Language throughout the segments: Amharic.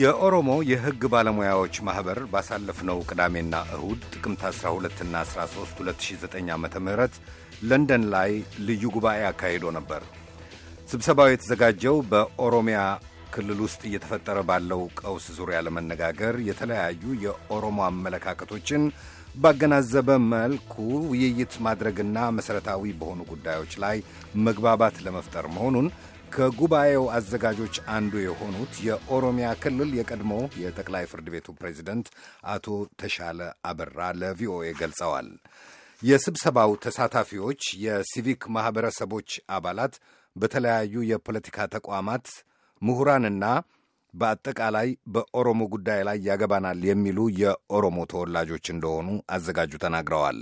የኦሮሞ የሕግ ባለሙያዎች ማኅበር ባሳለፍነው ቅዳሜና እሁድ ጥቅምት 12ና 13 2009 ዓ ም ለንደን ላይ ልዩ ጉባኤ አካሂዶ ነበር። ስብሰባው የተዘጋጀው በኦሮሚያ ክልል ውስጥ እየተፈጠረ ባለው ቀውስ ዙሪያ ለመነጋገር የተለያዩ የኦሮሞ አመለካከቶችን ባገናዘበ መልኩ ውይይት ማድረግና መሠረታዊ በሆኑ ጉዳዮች ላይ መግባባት ለመፍጠር መሆኑን ከጉባኤው አዘጋጆች አንዱ የሆኑት የኦሮሚያ ክልል የቀድሞ የጠቅላይ ፍርድ ቤቱ ፕሬዚደንት አቶ ተሻለ አበራ ለቪኦኤ ገልጸዋል። የስብሰባው ተሳታፊዎች የሲቪክ ማኅበረሰቦች አባላት፣ በተለያዩ የፖለቲካ ተቋማት ምሁራንና በአጠቃላይ በኦሮሞ ጉዳይ ላይ ያገባናል የሚሉ የኦሮሞ ተወላጆች እንደሆኑ አዘጋጁ ተናግረዋል።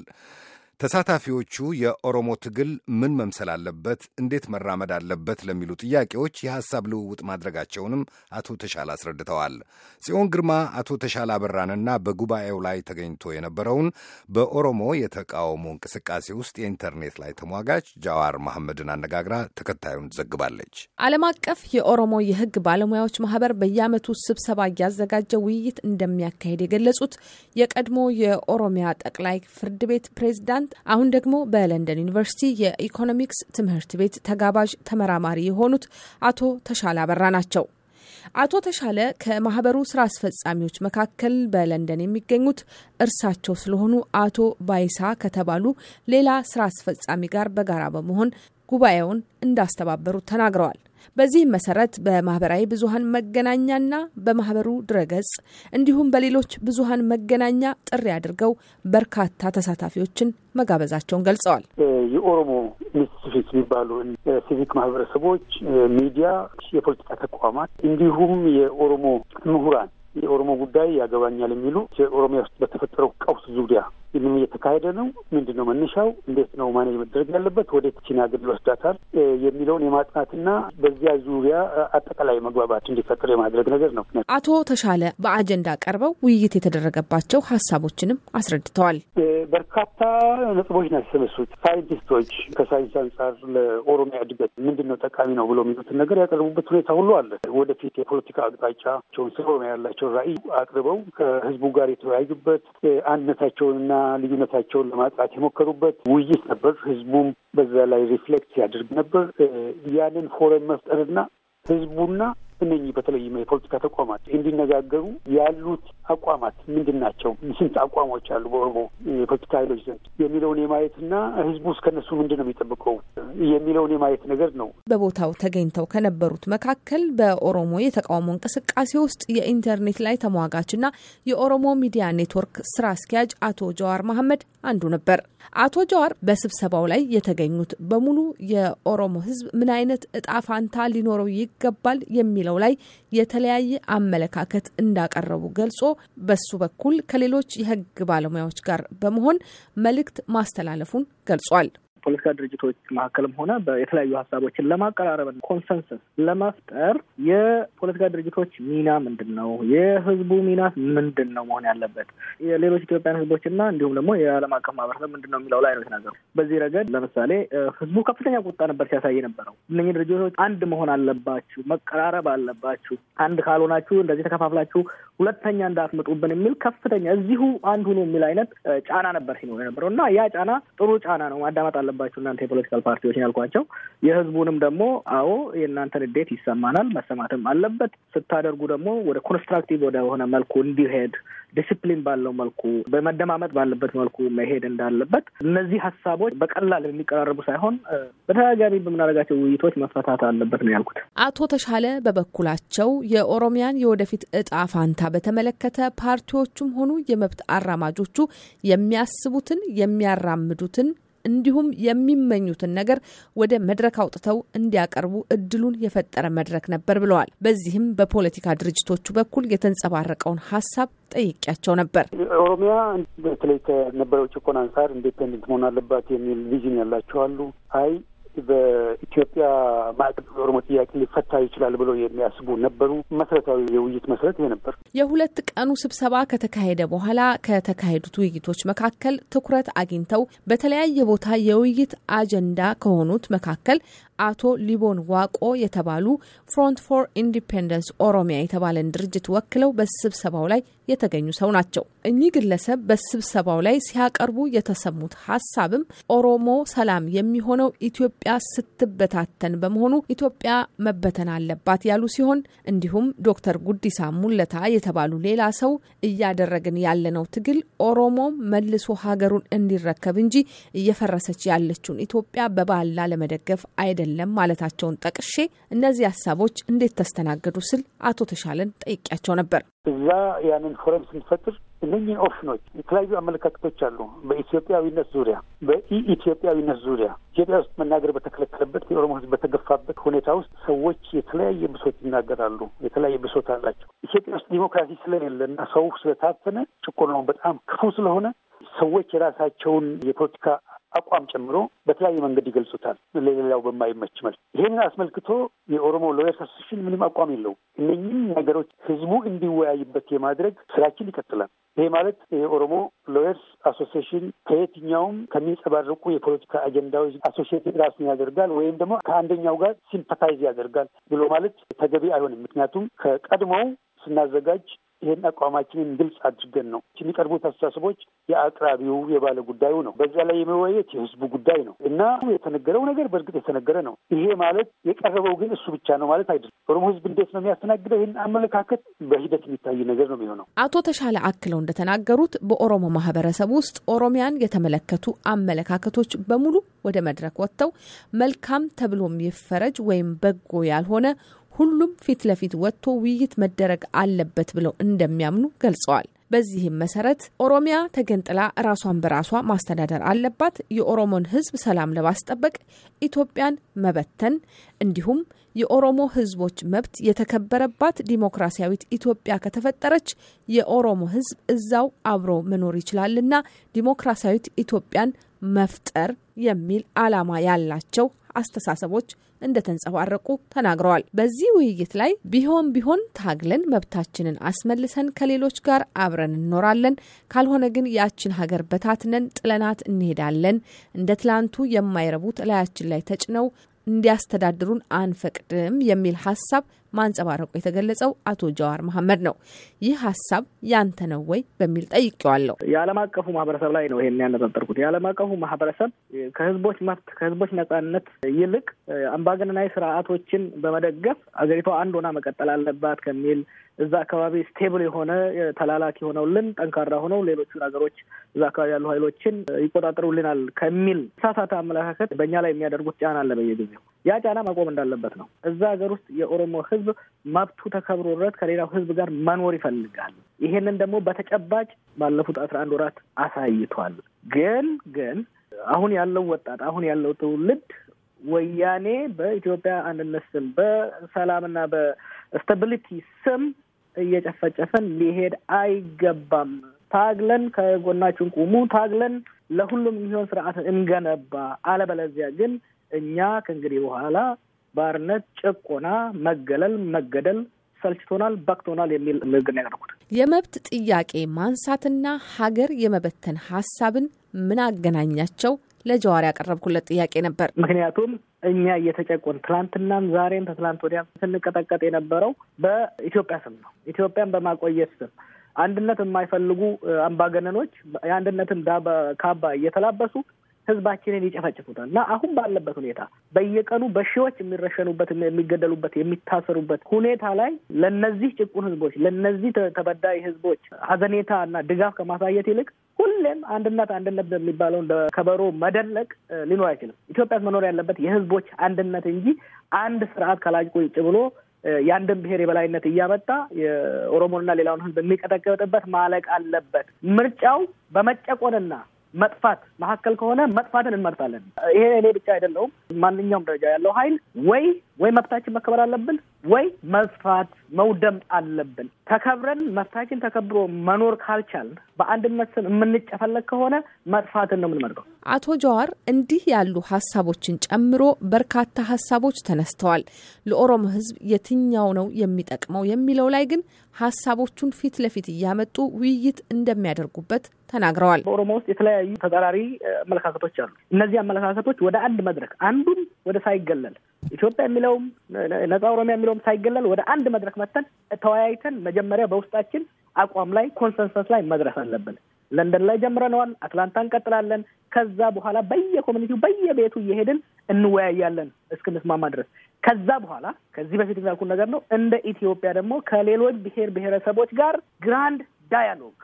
ተሳታፊዎቹ የኦሮሞ ትግል ምን መምሰል አለበት፣ እንዴት መራመድ አለበት ለሚሉ ጥያቄዎች የሐሳብ ልውውጥ ማድረጋቸውንም አቶ ተሻለ አስረድተዋል። ጽዮን ግርማ አቶ ተሻለ አበራንና በጉባኤው ላይ ተገኝቶ የነበረውን በኦሮሞ የተቃውሞ እንቅስቃሴ ውስጥ የኢንተርኔት ላይ ተሟጋች ጃዋር መሐመድን አነጋግራ ተከታዩን ዘግባለች። ዓለም አቀፍ የኦሮሞ የህግ ባለሙያዎች ማህበር በየዓመቱ ስብሰባ እያዘጋጀ ውይይት እንደሚያካሄድ የገለጹት የቀድሞ የኦሮሚያ ጠቅላይ ፍርድ ቤት ፕሬዝዳንት አሁን ደግሞ በለንደን ዩኒቨርሲቲ የኢኮኖሚክስ ትምህርት ቤት ተጋባዥ ተመራማሪ የሆኑት አቶ ተሻለ አበራ ናቸው። አቶ ተሻለ ከማህበሩ ስራ አስፈጻሚዎች መካከል በለንደን የሚገኙት እርሳቸው ስለሆኑ አቶ ባይሳ ከተባሉ ሌላ ስራ አስፈጻሚ ጋር በጋራ በመሆን ጉባኤውን እንዳስተባበሩት ተናግረዋል። በዚህም መሰረት በማህበራዊ ብዙሀን መገናኛና በማህበሩ ድረገጽ እንዲሁም በሌሎች ብዙሀን መገናኛ ጥሪ አድርገው በርካታ ተሳታፊዎችን መጋበዛቸውን ገልጸዋል። የኦሮሞ ሚስፊት የሚባሉ ሲቪክ ማህበረሰቦች፣ ሚዲያ፣ የፖለቲካ ተቋማት እንዲሁም የኦሮሞ ምሁራን የኦሮሞ ጉዳይ ያገባኛል የሚሉ ኦሮሚያ ውስጥ በተፈጠረው ቀውስ ዙሪያ ምን እየተካሄደ ነው? ምንድን ነው መነሻው? እንዴት ነው ማኔጅ መደረግ ያለበት? ወደ ቺን ሀገር ይወስዳታል? የሚለውን የማጥናትና በዚያ ዙሪያ አጠቃላይ መግባባት እንዲፈጠር የማድረግ ነገር ነው። አቶ ተሻለ በአጀንዳ ቀርበው ውይይት የተደረገባቸው ሀሳቦችንም አስረድተዋል። በርካታ ነጥቦች ነው ያሰበሱት። ሳይንቲስቶች ከሳይንስ አንጻር ለኦሮሚያ እድገት ምንድን ነው ጠቃሚ ነው ብሎ የሚሉትን ነገር ያቀረቡበት ሁኔታ ሁሉ አለ። ወደፊት የፖለቲካ አቅጣጫቸውን ስለ ኦሮሚያ ያላቸው የራሳቸውን ራዕይ አቅርበው ከህዝቡ ጋር የተወያዩበት አንድነታቸውንና ልዩነታቸውን ለማጥራት የሞከሩበት ውይይት ነበር። ህዝቡም በዛ ላይ ሪፍሌክት ያደርግ ነበር። ያንን ፎረም መፍጠርና ህዝቡና እነኚህ በተለይም የፖለቲካ ተቋማት እንዲነጋገሩ ያሉት አቋማት ምንድን ናቸው፣ ስንት አቋሞች አሉ በኦሮሞ የፖለቲካ ኃይሎች ዘንድ የሚለውን የማየትና ህዝቡ ከነሱ ምንድን ነው የሚጠብቀው የሚለውን የማየት ነገር ነው። በቦታው ተገኝተው ከነበሩት መካከል በኦሮሞ የተቃውሞ እንቅስቃሴ ውስጥ የኢንተርኔት ላይ ተሟጋችና የኦሮሞ ሚዲያ ኔትወርክ ስራ አስኪያጅ አቶ ጀዋር መሀመድ አንዱ ነበር። አቶ ጀዋር በስብሰባው ላይ የተገኙት በሙሉ የኦሮሞ ሕዝብ ምን አይነት እጣ ፋንታ ሊኖረው ይገባል የሚለው ላይ የተለያየ አመለካከት እንዳቀረቡ ገልጾ በሱ በኩል ከሌሎች የህግ ባለሙያዎች ጋር በመሆን መልእክት ማስተላለፉን ገልጿል። ፖለቲካ ድርጅቶች መካከልም ሆነ የተለያዩ ሀሳቦችን ለማቀራረብ ኮንሰንሰስ ለመፍጠር የፖለቲካ ድርጅቶች ሚና ምንድን ነው? የህዝቡ ሚና ምንድን ነው መሆን ያለበት? የሌሎች ኢትዮጵያን ህዝቦች እንዲሁም ደግሞ የዓለም አቀፍ ማህበረሰብ ምንድን ነው የሚለው ላይ ነው የተናገሩ። በዚህ ረገድ ለምሳሌ ህዝቡ ከፍተኛ ቁጣ ነበር ሲያሳይ ነበረው። እነኝህ ድርጅቶች አንድ መሆን አለባችሁ፣ መቀራረብ አለባችሁ፣ አንድ ካልሆናችሁ እንደዚህ ተከፋፍላችሁ ሁለተኛ እንዳትመጡብን የሚል ከፍተኛ እዚሁ አንድ ሁኑ የሚል አይነት ጫና ነበር ሲኖር የነበረው እና ያ ጫና ጥሩ ጫና ነው ማዳመጥ አለ ያለባቸው እናንተ የፖለቲካል ፓርቲዎች ያልኳቸው የህዝቡንም ደግሞ አዎ የእናንተን እንዴት ይሰማናል፣ መሰማትም አለበት። ስታደርጉ ደግሞ ወደ ኮንስትራክቲቭ ወደሆነ መልኩ እንዲሄድ ዲስፕሊን ባለው መልኩ በመደማመጥ ባለበት መልኩ መሄድ እንዳለበት እነዚህ ሀሳቦች በቀላል የሚቀራረቡ ሳይሆን በተደጋጋሚ በምናደርጋቸው ውይይቶች መፈታት አለበት ነው ያልኩት። አቶ ተሻለ በበኩላቸው የኦሮሚያን የወደፊት እጣ ፋንታ በተመለከተ ፓርቲዎቹም ሆኑ የመብት አራማጆቹ የሚያስቡትን የሚያራምዱትን እንዲሁም የሚመኙትን ነገር ወደ መድረክ አውጥተው እንዲያቀርቡ እድሉን የፈጠረ መድረክ ነበር ብለዋል። በዚህም በፖለቲካ ድርጅቶቹ በኩል የተንጸባረቀውን ሀሳብ ጠይቄያቸው ነበር። ኦሮሚያ በተለይ ከነበረው ጭቆና አንጻር ኢንዴፔንደንት መሆን አለባት የሚል ቪዥን ያላቸው አሉ። አይ በኢትዮጵያ ማዕቀብ የኦሮሞ ጥያቄ ሊፈታ ይችላል ብለው የሚያስቡ ነበሩ። መሰረታዊ የውይይት መሰረት ይሄ ነበር። የሁለት ቀኑ ስብሰባ ከተካሄደ በኋላ ከተካሄዱት ውይይቶች መካከል ትኩረት አግኝተው በተለያየ ቦታ የውይይት አጀንዳ ከሆኑት መካከል አቶ ሊቦን ዋቆ የተባሉ ፍሮንት ፎር ኢንዲፔንደንስ ኦሮሚያ የተባለን ድርጅት ወክለው በስብሰባው ላይ የተገኙ ሰው ናቸው። እኚህ ግለሰብ በስብሰባው ላይ ሲያቀርቡ የተሰሙት ሀሳብም ኦሮሞ ሰላም የሚሆነው ኢትዮጵያ ስትበታተን በመሆኑ ኢትዮጵያ መበተን አለባት ያሉ ሲሆን እንዲሁም ዶክተር ጉዲሳ ሙለታ የተባሉ ሌላ ሰው እያደረግን ያለነው ትግል ኦሮሞ መልሶ ሀገሩን እንዲረከብ እንጂ እየፈረሰች ያለችውን ኢትዮጵያ በባላ ለመደገፍ አይደለም ማለታቸውን ጠቅሼ እነዚህ ሀሳቦች እንዴት ተስተናገዱ ስል አቶ ተሻለን ጠይቄያቸው ነበር። እዛ ያንን ፎረም ስንፈጥር እነኝን ኦፕሽኖች የተለያዩ አመለካከቶች አሉ። በኢትዮጵያዊነት ዙሪያ በኢኢትዮጵያዊነት ዙሪያ ኢትዮጵያ ውስጥ መናገር በተከለከለበት የኦሮሞ ሕዝብ በተገፋበት ሁኔታ ውስጥ ሰዎች የተለያየ ብሶት ይናገራሉ። የተለያየ ብሶት አላቸው። ኢትዮጵያ ውስጥ ዲሞክራሲ ስለሌለ እና ሰው ስለታፈነ ጭቆናው በጣም ክፉ ስለሆነ ሰዎች የራሳቸውን የፖለቲካ አቋም ጨምሮ በተለያየ መንገድ ይገልጹታል፣ ለሌላው በማይመች መልክ። ይህንን አስመልክቶ የኦሮሞ ሎየርስ አሶሴሽን ምንም አቋም የለው? እነኝም ነገሮች ህዝቡ እንዲወያይበት የማድረግ ስራችን ይቀጥላል። ይሄ ማለት የኦሮሞ ሎየርስ አሶሲሽን ከየትኛውም ከሚንጸባረቁ የፖለቲካ አጀንዳዎች አሶሽየት ራሱን ያደርጋል ወይም ደግሞ ከአንደኛው ጋር ሲምፓታይዝ ያደርጋል ብሎ ማለት ተገቢ አይሆንም። ምክንያቱም ከቀድሞው ስናዘጋጅ ይህን አቋማችንን ግልጽ አድርገን ነው የሚቀርቡት አስተሳሰቦች የአቅራቢው የባለ ጉዳዩ ነው። በዛ ላይ የመወያየት የህዝቡ ጉዳይ ነው እና የተነገረው ነገር በእርግጥ የተነገረ ነው። ይሄ ማለት የቀረበው ግን እሱ ብቻ ነው ማለት አይደለም። ኦሮሞ ህዝብ እንዴት ነው የሚያስተናግደው? ይህን አመለካከት በሂደት የሚታይ ነገር ነው የሚሆነው። አቶ ተሻለ አክለው እንደተናገሩት በኦሮሞ ማህበረሰብ ውስጥ ኦሮሚያን የተመለከቱ አመለካከቶች በሙሉ ወደ መድረክ ወጥተው መልካም ተብሎም ይፈረጅ ወይም በጎ ያልሆነ ሁሉም ፊት ለፊት ወጥቶ ውይይት መደረግ አለበት ብለው እንደሚያምኑ ገልጸዋል። በዚህም መሰረት ኦሮሚያ ተገንጥላ ራሷን በራሷ ማስተዳደር አለባት፣ የኦሮሞን ሕዝብ ሰላም ለማስጠበቅ ኢትዮጵያን መበተን እንዲሁም የኦሮሞ ሕዝቦች መብት የተከበረባት ዲሞክራሲያዊት ኢትዮጵያ ከተፈጠረች የኦሮሞ ሕዝብ እዛው አብሮ መኖር ይችላልና ዲሞክራሲያዊት ኢትዮጵያን መፍጠር የሚል ዓላማ ያላቸው አስተሳሰቦች እንደተንጸባረቁ ተናግረዋል። በዚህ ውይይት ላይ ቢሆን ቢሆን ታግለን መብታችንን አስመልሰን ከሌሎች ጋር አብረን እንኖራለን፣ ካልሆነ ግን ያችን ሀገር በታትነን ጥለናት እንሄዳለን። እንደ ትላንቱ የማይረቡት እላያችን ላይ ተጭነው እንዲያስተዳድሩን አንፈቅድም የሚል ሀሳብ ማንጸባረቁ የተገለጸው አቶ ጀዋር መሐመድ ነው። ይህ ሀሳብ ያንተ ነው ወይ በሚል ጠይቄዋለሁ። የዓለም አቀፉ ማህበረሰብ ላይ ነው ይሄን ያነጣጠርኩት። የዓለም አቀፉ ማህበረሰብ ከህዝቦች መብት ከህዝቦች ነጻነት ይልቅ አምባገነናዊ ስርዓቶችን በመደገፍ አገሪቷ አንድ ሆና መቀጠል አለባት ከሚል እዛ አካባቢ ስቴብል የሆነ ተላላኪ ሆነውልን ጠንካራ ሆነው ሌሎቹን ሀገሮች እዛ አካባቢ ያሉ ሀይሎችን ይቆጣጠሩልናል ከሚል ሳሳተ አመለካከት በእኛ ላይ የሚያደርጉት ጫና አለ በየጊዜው ያ ጫና መቆም እንዳለበት ነው። እዛ ሀገር ውስጥ የኦሮሞ ህዝብ መብቱ ተከብሮለት ከሌላው ህዝብ ጋር መኖር ይፈልጋል። ይሄንን ደግሞ በተጨባጭ ባለፉት አስራ አንድ ወራት አሳይቷል። ግን ግን አሁን ያለው ወጣት አሁን ያለው ትውልድ ወያኔ በኢትዮጵያ አንድነት ስም በሰላምና በስታቢሊቲ ስም እየጨፈጨፈን ሊሄድ አይገባም። ታግለን ከጎናችን ቁሙ፣ ታግለን ለሁሉም የሚሆን ስርዓት እንገነባ። አለበለዚያ ግን እኛ ከእንግዲህ በኋላ ባርነት፣ ጭቆና፣ መገለል፣ መገደል ሰልችቶናል፣ በቅቶናል የሚል ንግግር ያደረጉት የመብት ጥያቄ ማንሳትና ሀገር የመበተን ሀሳብን ምን አገናኛቸው? ለጀዋር ያቀረብኩለት ጥያቄ ነበር። ምክንያቱም እኛ እየተጨቆን ትላንትናም፣ ዛሬም፣ ከትላንት ወዲያም ስንቀጠቀጥ የነበረው በኢትዮጵያ ስም ነው። ኢትዮጵያን በማቆየት ስም አንድነት የማይፈልጉ አምባገነኖች የአንድነትን ካባ እየተላበሱ ህዝባችንን ይጨፈጭፉታል እና አሁን ባለበት ሁኔታ በየቀኑ በሺዎች የሚረሸኑበት፣ የሚገደሉበት፣ የሚታሰሩበት ሁኔታ ላይ ለነዚህ ጭቁን ህዝቦች ለነዚህ ተበዳይ ህዝቦች ሀዘኔታ እና ድጋፍ ከማሳየት ይልቅ ሁሌም አንድነት አንድነት የሚባለውን ከበሮ መደለቅ ሊኖር አይችልም። ኢትዮጵያ መኖር ያለበት የህዝቦች አንድነት እንጂ አንድ ስርዓት ከላጭ ቁጭ ብሎ የአንድን ብሔር የበላይነት እያመጣ የኦሮሞንና ሌላውን ህዝብ የሚቀጠቀጥበት ማለቅ አለበት። ምርጫው በመጨቆንና መጥፋት መካከል ከሆነ መጥፋትን እንመርጣለን። ይሄ እኔ ብቻ አይደለውም። ማንኛውም ደረጃ ያለው ኃይል ወይ ወይ መብታችን መከበር አለብን ወይ መጥፋት መውደም አለብን። ተከብረን መብታችን ተከብሮ መኖር ካልቻል በአንድነት ስም የምንጨፈለግ ከሆነ መጥፋትን ነው የምንመርጠው። አቶ ጀዋር እንዲህ ያሉ ሀሳቦችን ጨምሮ በርካታ ሀሳቦች ተነስተዋል። ለኦሮሞ ህዝብ የትኛው ነው የሚጠቅመው የሚለው ላይ ግን ሀሳቦቹን ፊት ለፊት እያመጡ ውይይት እንደሚያደርጉበት ተናግረዋል። በኦሮሞ ውስጥ የተለያዩ ተጻራሪ አመለካከቶች አሉ። እነዚህ አመለካከቶች ወደ አንድ መድረክ አንዱም ወደ ሳይገለል ኢትዮጵያ የሚለውም ነጻ ኦሮሚያ የሚለውም ሳይገለል ወደ አንድ መድረክ መጥተን ተወያይተን መጀመሪያ በውስጣችን አቋም ላይ ኮንሰንሰስ ላይ መድረስ አለብን። ለንደን ላይ ጀምረነዋል። አትላንታ እንቀጥላለን። ከዛ በኋላ በየኮሚኒቲው በየቤቱ እየሄድን እንወያያለን እስክንስማማ ድረስ። ከዛ በኋላ ከዚህ በፊት እንዳልኩት ነገር ነው። እንደ ኢትዮጵያ ደግሞ ከሌሎች ብሔር ብሔረሰቦች ጋር ግራንድ ዳያሎግ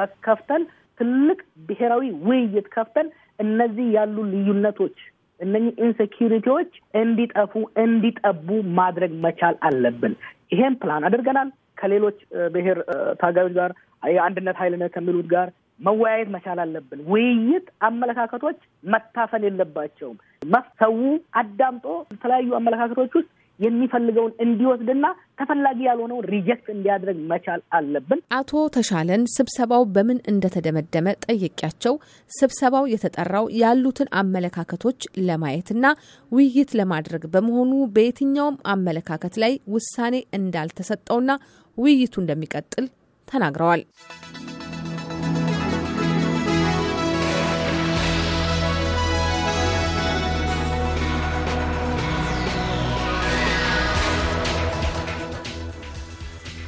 መከፍተን ትልቅ ብሔራዊ ውይይት ከፍተን እነዚህ ያሉ ልዩነቶች እነኚህ ኢንሴኪሪቲዎች እንዲጠፉ እንዲጠቡ ማድረግ መቻል አለብን። ይሄን ፕላን አድርገናል። ከሌሎች ብሔር ታጋዮች ጋር የአንድነት ኃይልነት ከሚሉት ጋር መወያየት መቻል አለብን። ውይይት አመለካከቶች መታፈን የለባቸውም። ሰው አዳምጦ የተለያዩ አመለካከቶች ውስጥ የሚፈልገውን እንዲወስድና ተፈላጊ ያልሆነውን ሪጀክት እንዲያደርግ መቻል አለብን። አቶ ተሻለን ስብሰባው በምን እንደተደመደመ ጠየቂያቸው። ስብሰባው የተጠራው ያሉትን አመለካከቶች ለማየትና ውይይት ለማድረግ በመሆኑ በየትኛውም አመለካከት ላይ ውሳኔ እንዳልተሰጠውና ውይይቱ እንደሚቀጥል ተናግረዋል።